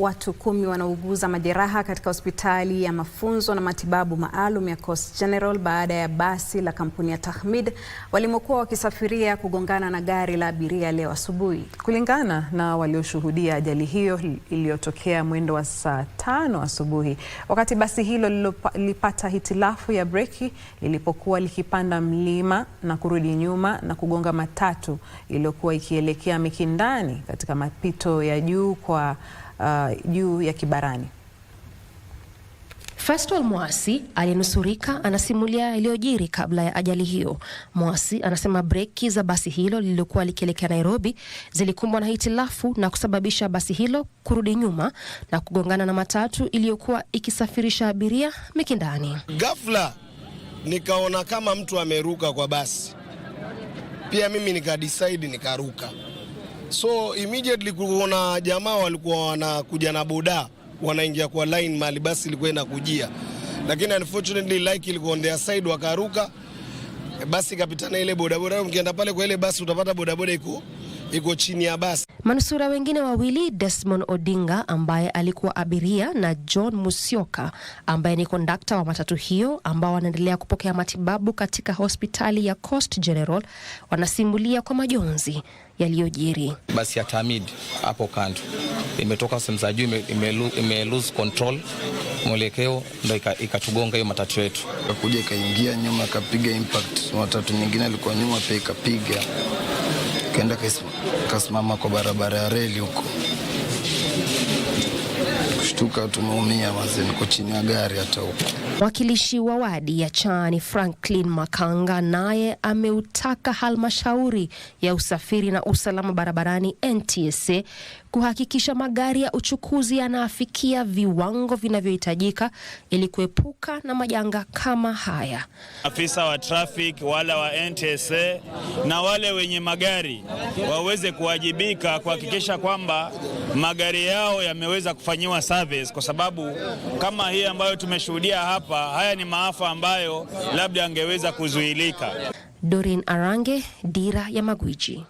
Watu kumi wanauguza majeraha katika hospitali ya mafunzo na matibabu maalum ya Coast General baada ya basi la kampuni ya Tahmid walimokuwa wakisafiria kugongana na gari la abiria leo asubuhi. Kulingana na walioshuhudia ajali hiyo iliyotokea mwendo wa saa tano asubuhi wakati basi hilo lilipata hitilafu ya breki lilipokuwa likipanda mlima na kurudi nyuma na kugonga matatu iliyokuwa ikielekea Mikindani katika mapito ya juu kwa Uh, juu uh, ya Kibarani. Fastol Mwasi aliyenusurika anasimulia iliyojiri kabla ya ajali hiyo. Mwasi anasema breki za basi hilo lililokuwa likielekea Nairobi zilikumbwa na hitilafu na kusababisha basi hilo kurudi nyuma na kugongana na matatu iliyokuwa ikisafirisha abiria Mikindani. Ghafla nikaona kama mtu ameruka kwa basi, pia mimi nikadisaidi nikaruka So immediately kuona jamaa walikuwa wanakuja na boda wanaingia kwa line mali basi ilikuwa inakujia, lakini unfortunately like ilikuwa on their side, wakaruka basi kapitana ile bodaboda. Ukienda pale kwa ile basi utapata bodaboda iko iko chini ya basi. Manusura wengine wawili Desmond Odinga ambaye alikuwa abiria na John musioka ambaye ni kondakta wa matatu hiyo ambao wanaendelea kupokea matibabu katika hospitali ya Coast General wanasimulia kwa majonzi yaliyojiri. Basi ya Tamid hapo kando imetoka sehemu za juu, ime lose control mwelekeo, ndo ikatugonga hiyo matatu yetu, kakuja ikaingia nyuma, kapiga impact. Matatu nyingine alikuwa nyuma pia ikapiga kaenda kasimama kwa barabara ya reli huko tumeshtuka, tumeumia wazee, niko chini ya gari hata huko. Mwakilishi wa wadi ya Chani Franklin Makanga naye ameutaka halmashauri ya usafiri na usalama barabarani NTSA kuhakikisha magari ya uchukuzi yanaafikia viwango vinavyohitajika ili kuepuka na majanga kama haya. Afisa wa traffic wala wa NTSA na wale wenye magari waweze kuwajibika kuhakikisha kwamba magari yao yameweza kufanyiwa safi service, kwa sababu kama hii ambayo tumeshuhudia hapa, haya ni maafa ambayo labda angeweza kuzuilika. dorin Arange, Dira ya Magwiji.